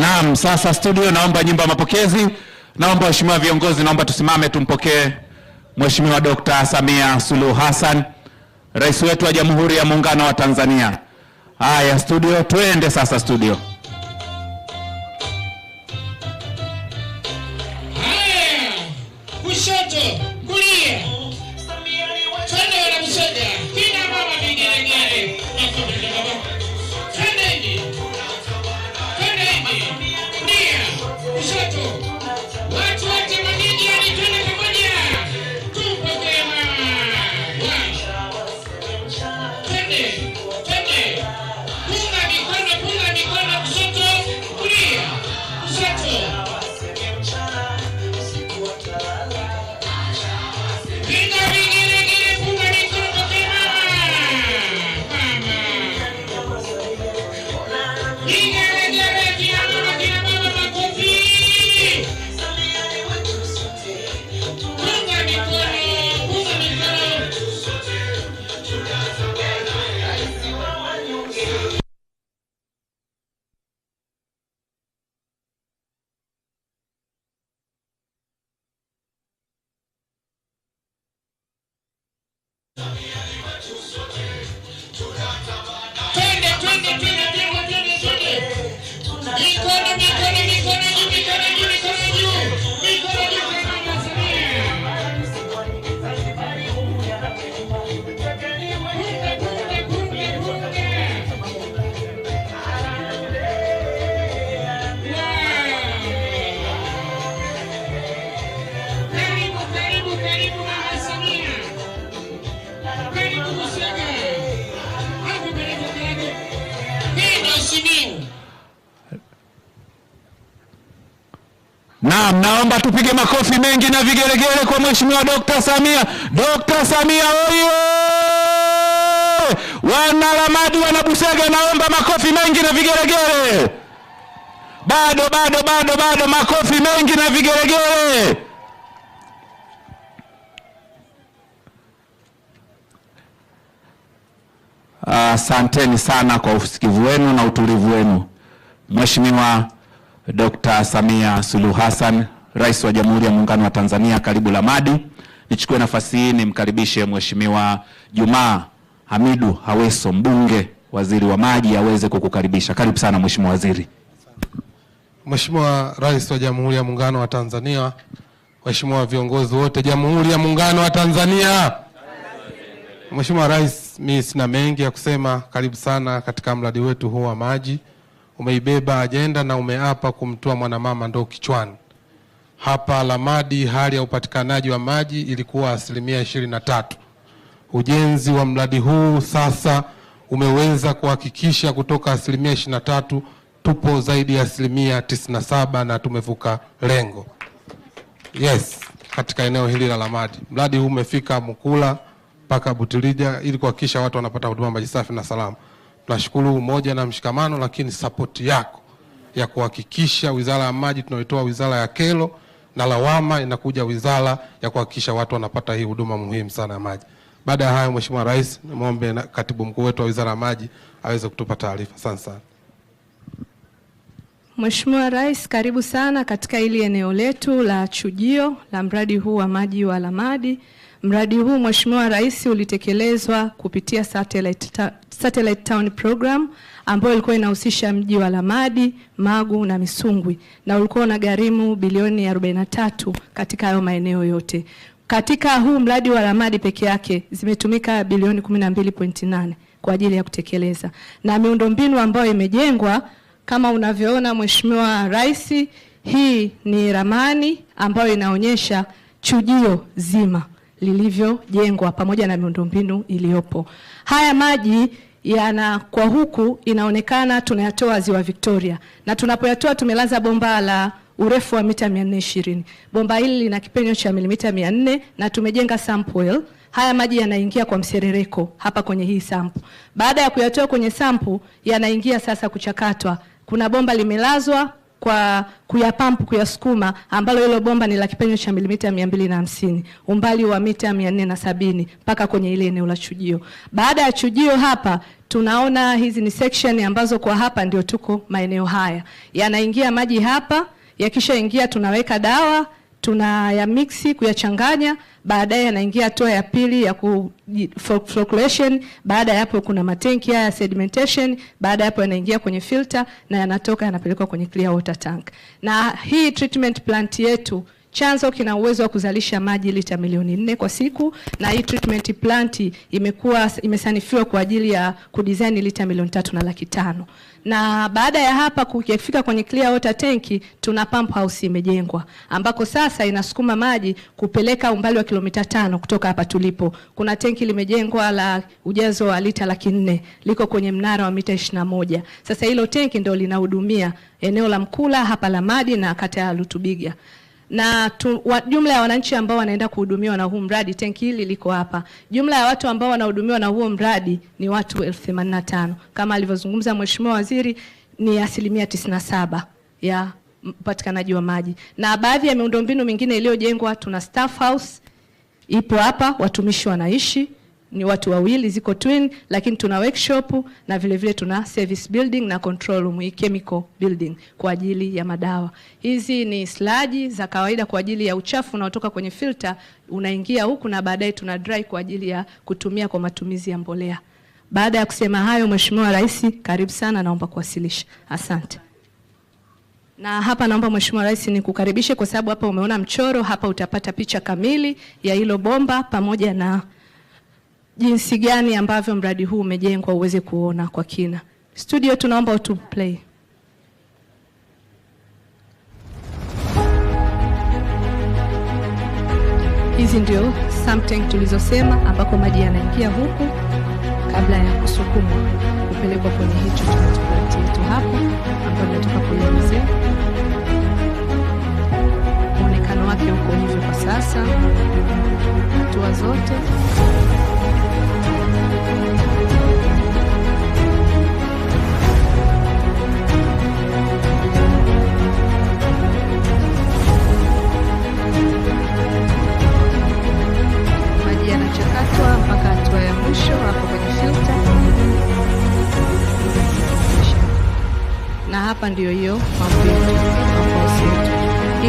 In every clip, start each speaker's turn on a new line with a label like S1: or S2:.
S1: Naam, sasa studio, naomba nyimbo ya mapokezi. Naomba waheshimiwa viongozi, naomba tusimame tumpokee Mheshimiwa Dr. Samia Suluhu Hassan, Rais wetu wa Jamhuri ya Muungano wa Tanzania. Haya studio, twende sasa studio. He Naam, naomba tupige makofi mengi na vigelegele kwa Mheshimiwa Dr. Samia. Dr. Samia oye! Wanalamadi, Wanabusega, naomba makofi mengi na vigelegele. Bado bado bado bado, makofi mengi na vigelegele. Asanteni uh, sana kwa usikivu wenu na utulivu wenu Mheshimiwa Dr. Samia Suluhu Hassan, Rais wa Jamhuri ya Muungano wa Tanzania. Karibu Lamadi. Nichukue nafasi hii nimkaribishe Mheshimiwa Jumaa Hamidu Haweso, mbunge, waziri wa maji, aweze kukukaribisha. Karibu sana Mheshimiwa Waziri.
S2: Mheshimiwa Rais wa Jamhuri ya Muungano wa Tanzania, Waheshimiwa viongozi wote Jamhuri ya Muungano wa Tanzania. Mheshimiwa Rais, mimi sina mengi ya kusema. Karibu sana katika mradi wetu huu wa maji umeibeba ajenda na umeapa kumtoa mwanamama ndoo kichwani. Hapa Lamadi hali ya upatikanaji wa maji ilikuwa asilimia ishirini na tatu. Ujenzi wa mradi huu sasa umeweza kuhakikisha kutoka asilimia ishirini na tatu tupo zaidi ya asilimia tisini na saba na tumevuka lengo yes, katika eneo hili la Lamadi. Mradi huu umefika Mukula mpaka Butilija ili kuhakikisha watu wanapata huduma maji safi na salama. Tunashukuru umoja na mshikamano, lakini sapoti yako ya kuhakikisha wizara ya maji tunaoitoa wizara ya kero na lawama inakuja wizara ya kuhakikisha watu wanapata hii huduma muhimu sana ya maji. Baada ya hayo, Mheshimiwa Rais, nimwombe katibu mkuu wetu wa wizara ya maji aweze kutupa taarifa. Asante sana.
S3: Mheshimiwa Rais, karibu sana katika hili eneo letu la chujio la mradi huu wa maji wa Lamadi. Mradi huu Mheshimiwa Rais ulitekelezwa kupitia satellite, ta, satellite town program ambayo ilikuwa inahusisha mji wa Lamadi, Magu na Misungwi na ulikuwa gharimu bilioni 43 katika hayo maeneo yote. Katika huu mradi wa Lamadi peke yake zimetumika bilioni 12.8 kwa ajili ya kutekeleza, na miundombinu ambayo imejengwa kama unavyoona Mheshimiwa Rais, hii ni ramani ambayo inaonyesha chujio zima lilivyojengwa pamoja na miundombinu iliyopo. Haya maji yana kwa huku inaonekana tunayatoa ziwa Victoria, na tunapoyatoa tumelaza bomba la urefu wa mita 420. Bomba hili lina kipenyo cha milimita 400 na tumejenga sump well. Haya maji yanaingia kwa mserereko hapa kwenye hii sampu. Baada ya kuyatoa kwenye sampu, yanaingia sasa kuchakatwa. Kuna bomba limelazwa kwa kuyapampu kuyasukuma, ambalo hilo bomba ni la kipenyo cha milimita mia mbili na hamsini umbali wa mita mia nne na sabini mpaka kwenye ile eneo la chujio. Baada ya chujio hapa tunaona hizi ni section ambazo kwa hapa ndio tuko maeneo haya yanaingia maji hapa, yakishaingia tunaweka dawa tunayamiksi kuyachanganya, baadaye yanaingia hatua ya pili ya ku flocculation. Baada ya hapo kuna matenki haya sedimentation, baada ya hapo yanaingia kwenye filter na yanatoka yanapelekwa kwenye clear water tank, na hii treatment plant yetu Chanzo kina uwezo wa kuzalisha maji lita milioni nne kwa siku, na hii treatment plant imekuwa imesanifiwa kwa ajili ya kudesign lita milioni tatu na laki tano na baada ya hapa kufika kwenye clear water tank, tuna pump house imejengwa, ambako sasa inasukuma maji kupeleka umbali wa kilomita tano kutoka hapa tulipo. Kuna tenki limejengwa la ujazo wa lita laki nne liko kwenye mnara wa mita ishirini na moja. Sasa hilo tenki ndio linahudumia eneo la Mkula hapa la Madi na kata ya Lutubiga na tu, wa, jumla ya wananchi ambao wanaenda kuhudumiwa na huu mradi, tenki hili liko hapa. Jumla ya watu ambao wanahudumiwa na huo mradi ni watu elfu themanini na tano kama alivyozungumza Mheshimiwa Waziri, ni asilimia 97 ya upatikanaji wa maji, na baadhi ya miundombinu mingine iliyojengwa, tuna staff house ipo hapa, watumishi wanaishi ni watu wawili, ziko twin, lakini tuna workshop na vile vile tuna service building na control room, chemical building kwa ajili ya madawa. Hizi ni sludge za kawaida kwa ajili ya uchafu unaotoka kwenye filter unaingia huku, na baadaye tuna dry kwa ajili ya kutumia kwa matumizi ya mbolea. Baada ya kusema hayo, Mheshimiwa Rais, karibu sana, naomba kuwasilisha. Asante. Na hapa naomba Mheshimiwa Rais nikukaribishe kwa sababu hapa umeona mchoro, hapa utapata picha kamili ya hilo bomba pamoja na jinsi gani ambavyo mradi huu umejengwa uweze kuona kwa kina. Studio, tunaomba utu play. Hizi ndio something tulizosema ambako maji yanaingia huku kabla ya kusukumwa kupelekwa kwenye hicho chetu hapa.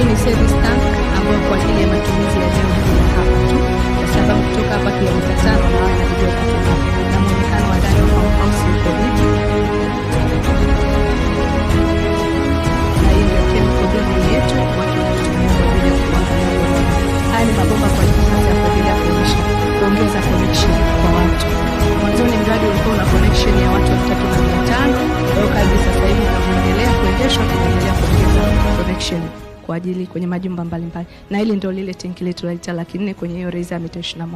S3: Hii ni service tank ambayo kwa ajili ya matumizi ya jengo hili hapa tu, kwa sababu kutoka hapa kilomita tano na mwonekano wa ndani wa house uko hivi, na hii ndio chemical building yetu kwa Haya ni mabomba kwa ajili sasa kwa ajili ya kuonyesha kuongeza connection kwa watu. Mwanzoni mradi ulikuwa una connection ya watu elfu tatu na mia tano kwa hiyo sasa hivi unavyoendelea kuendeshwa tunaendelea kuongeza connection kwa ajili kwenye majumba mbalimbali, na hili ndio lile tenki letu la lita laki nne kwenye hiyo reza ya mita 21.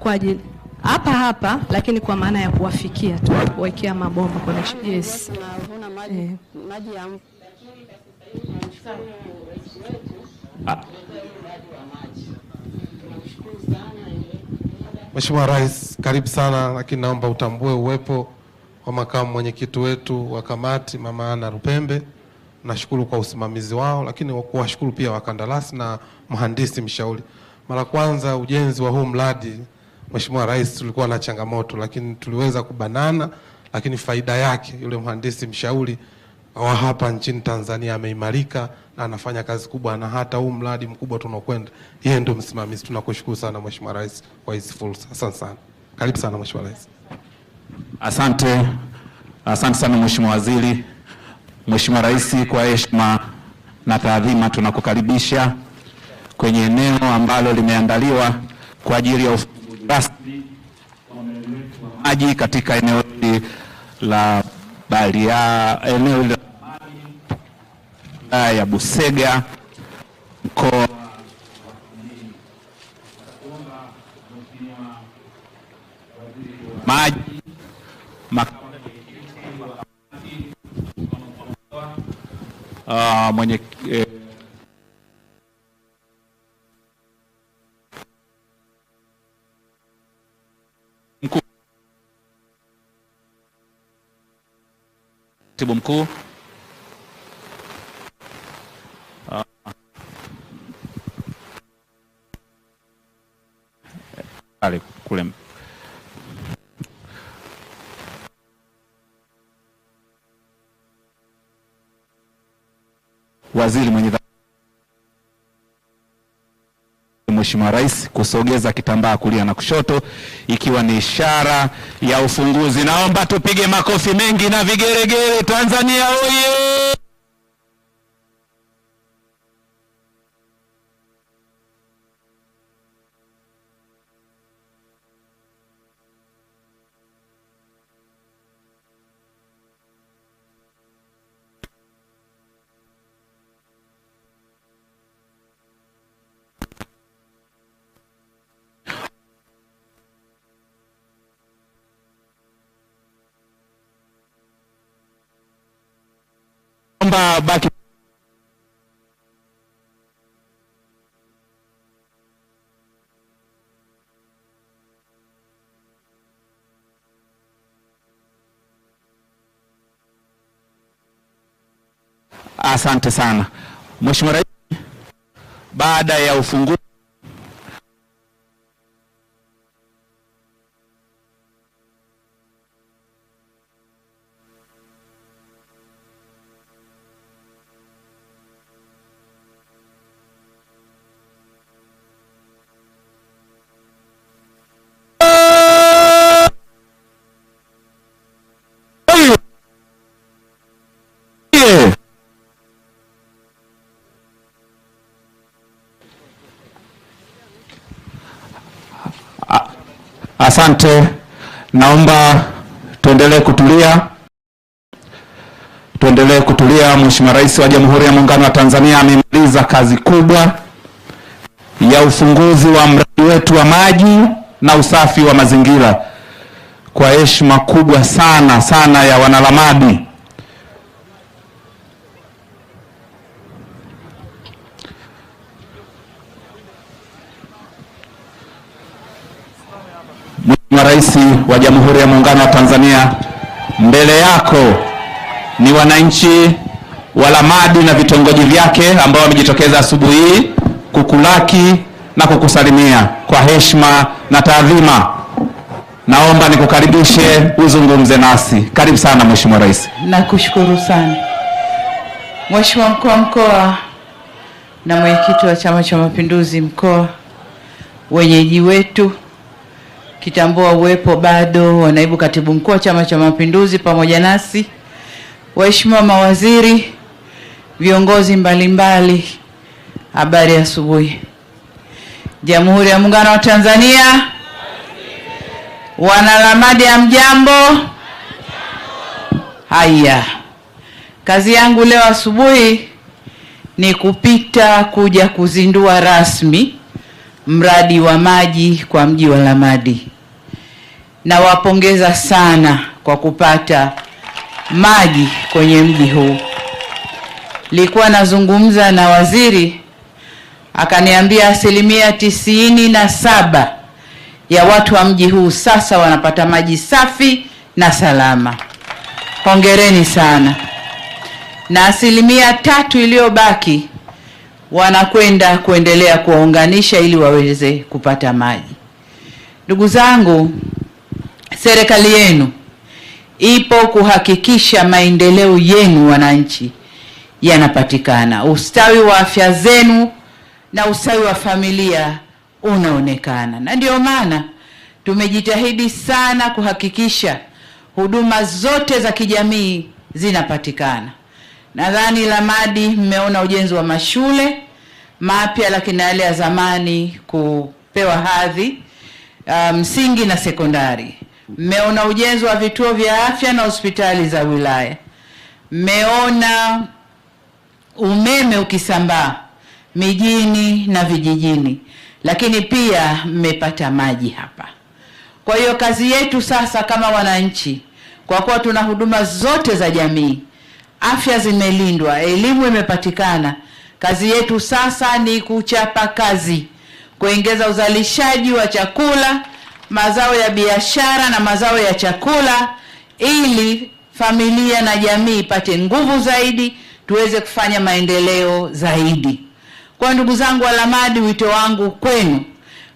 S3: Kwa ajili hapa hapa, lakini kwa maana ya kuwafikia tu kuwekea mabomba kwa yes. Eh.
S2: Ah. Mheshimiwa Rais, karibu sana, lakini naomba utambue uwepo wa makamu mwenyekiti wetu wa kamati Mama Ana Rupembe. Nashukuru kwa usimamizi wao, lakini kuwashukuru pia wakandarasi na mhandisi mshauri. Mara kwanza ujenzi wa huu mradi, Mheshimiwa Rais, tulikuwa na changamoto, lakini tuliweza kubanana, lakini faida yake yule mhandisi mshauri wa hapa nchini Tanzania ameimarika na anafanya kazi kubwa, na hata huu mradi mkubwa tunaokwenda, yeye ndio msimamizi. Tunakushukuru sana Mheshimiwa Rais kwa hizi fursa. Asante sana, karibu sana Mheshimiwa Rais.
S1: Asante, asante sana Mheshimiwa Waziri. Mheshimiwa Rais, kwa heshima na taadhima tunakukaribisha kwenye eneo ambalo limeandaliwa kwa ajili ya ufunguzi rasmi wa maji katika eneo hili la Baria, eneo hili wilaya ya Busega mkoa maji uh, mwenye eh, mkuu mkuu pale kule waziri mwenye Mheshimiwa Rais kusogeza kitambaa kulia na kushoto, ikiwa ni ishara ya ufunguzi. Naomba tupige makofi mengi na vigeregere. Tanzania oye! kwamba baki Asante sana Mheshimiwa Rais, baada ya ufunguzi Asante, naomba tuendelee kutulia, tuendelee kutulia. Mheshimiwa Rais wa Jamhuri ya Muungano wa Tanzania amemaliza kazi kubwa ya ufunguzi wa mradi wetu wa maji na usafi wa mazingira kwa heshima kubwa sana sana ya wanalamadi Mheshimiwa Rais wa Jamhuri ya Muungano wa Tanzania, mbele yako ni wananchi wa Lamadi na vitongoji vyake ambao wamejitokeza asubuhi hii kukulaki na kukusalimia kwa heshima na taadhima. Naomba nikukaribishe uzungumze nasi. Karibu sana Mheshimiwa Rais.
S4: Nakushukuru sana Mheshimiwa mkuu wa mkoa na mwenyekiti wa Chama cha Mapinduzi mkoa, wenyeji wetu kitambua uwepo bado wa naibu katibu mkuu wa Chama cha Mapinduzi pamoja nasi, waheshimiwa mawaziri, viongozi mbalimbali, habari asubuhi. Jamhuri ya Muungano wa Tanzania, wanalamadi ya mjambo. Haya, kazi yangu leo asubuhi ni kupita kuja kuzindua rasmi mradi wa maji kwa mji wa Lamadi. Nawapongeza sana kwa kupata maji kwenye mji huu. Nilikuwa nazungumza na waziri akaniambia asilimia tisini na saba ya watu wa mji huu sasa wanapata maji safi na salama. Hongereni sana. Na asilimia tatu iliyobaki wanakwenda kuendelea kuwaunganisha ili waweze kupata maji. Ndugu zangu, serikali yenu ipo kuhakikisha maendeleo yenu wananchi yanapatikana, ustawi wa afya zenu na ustawi wa familia unaonekana, na ndio maana tumejitahidi sana kuhakikisha huduma zote za kijamii zinapatikana. Nadhani Lamadi mmeona ujenzi wa mashule mapya, lakini yale ya zamani kupewa hadhi uh, msingi um, na sekondari. Mmeona ujenzi wa vituo vya afya na hospitali za wilaya. Mmeona umeme ukisambaa mijini na vijijini, lakini pia mmepata maji hapa. Kwa hiyo kazi yetu sasa kama wananchi, kwa kuwa tuna huduma zote za jamii afya zimelindwa, elimu imepatikana. Kazi yetu sasa ni kuchapa kazi, kuongeza uzalishaji wa chakula, mazao ya biashara na mazao ya chakula, ili familia na jamii ipate nguvu zaidi, tuweze kufanya maendeleo zaidi. Kwa ndugu zangu alamadi wito wangu kwenu,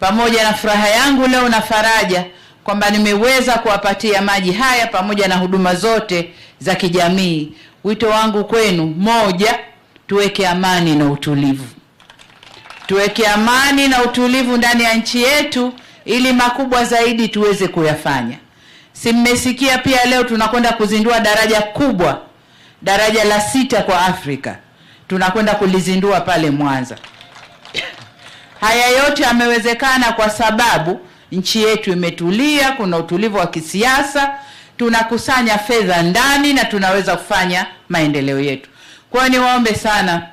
S4: pamoja na furaha yangu leo na faraja kwamba nimeweza kuwapatia maji haya pamoja na huduma zote za kijamii Wito wangu kwenu, moja, tuweke amani na utulivu, tuweke amani na utulivu ndani ya nchi yetu ili makubwa zaidi tuweze kuyafanya. Si mmesikia pia leo tunakwenda kuzindua daraja kubwa, daraja la sita kwa Afrika, tunakwenda kulizindua pale Mwanza. Haya yote yamewezekana kwa sababu nchi yetu imetulia, kuna utulivu wa kisiasa tunakusanya fedha ndani na tunaweza kufanya maendeleo yetu. Kwa hiyo niwaombe sana,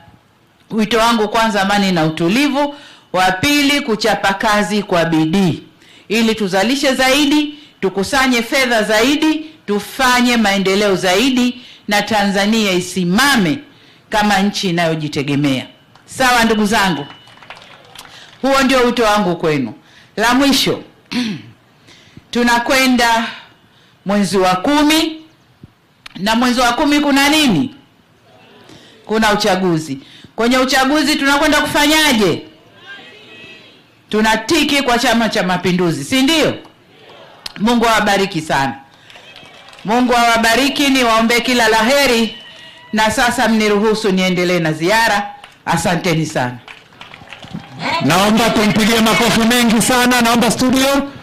S4: wito wangu kwanza, amani na utulivu; wa pili, kuchapa kazi kwa bidii ili tuzalishe zaidi, tukusanye fedha zaidi, tufanye maendeleo zaidi, na Tanzania isimame kama nchi inayojitegemea. Sawa ndugu zangu, huo ndio wito wangu kwenu. La mwisho tunakwenda mwezi wa kumi, na mwezi wa kumi kuna nini? Kuna uchaguzi. Kwenye uchaguzi tunakwenda kufanyaje? Tunatiki kwa Chama cha Mapinduzi, si ndio? Mungu awabariki sana. Mungu awabariki, Niwaombe kila laheri. Na sasa mniruhusu niendelee na ziara. Asanteni sana.
S1: Naomba tumpigie makofi mengi sana. Naomba studio.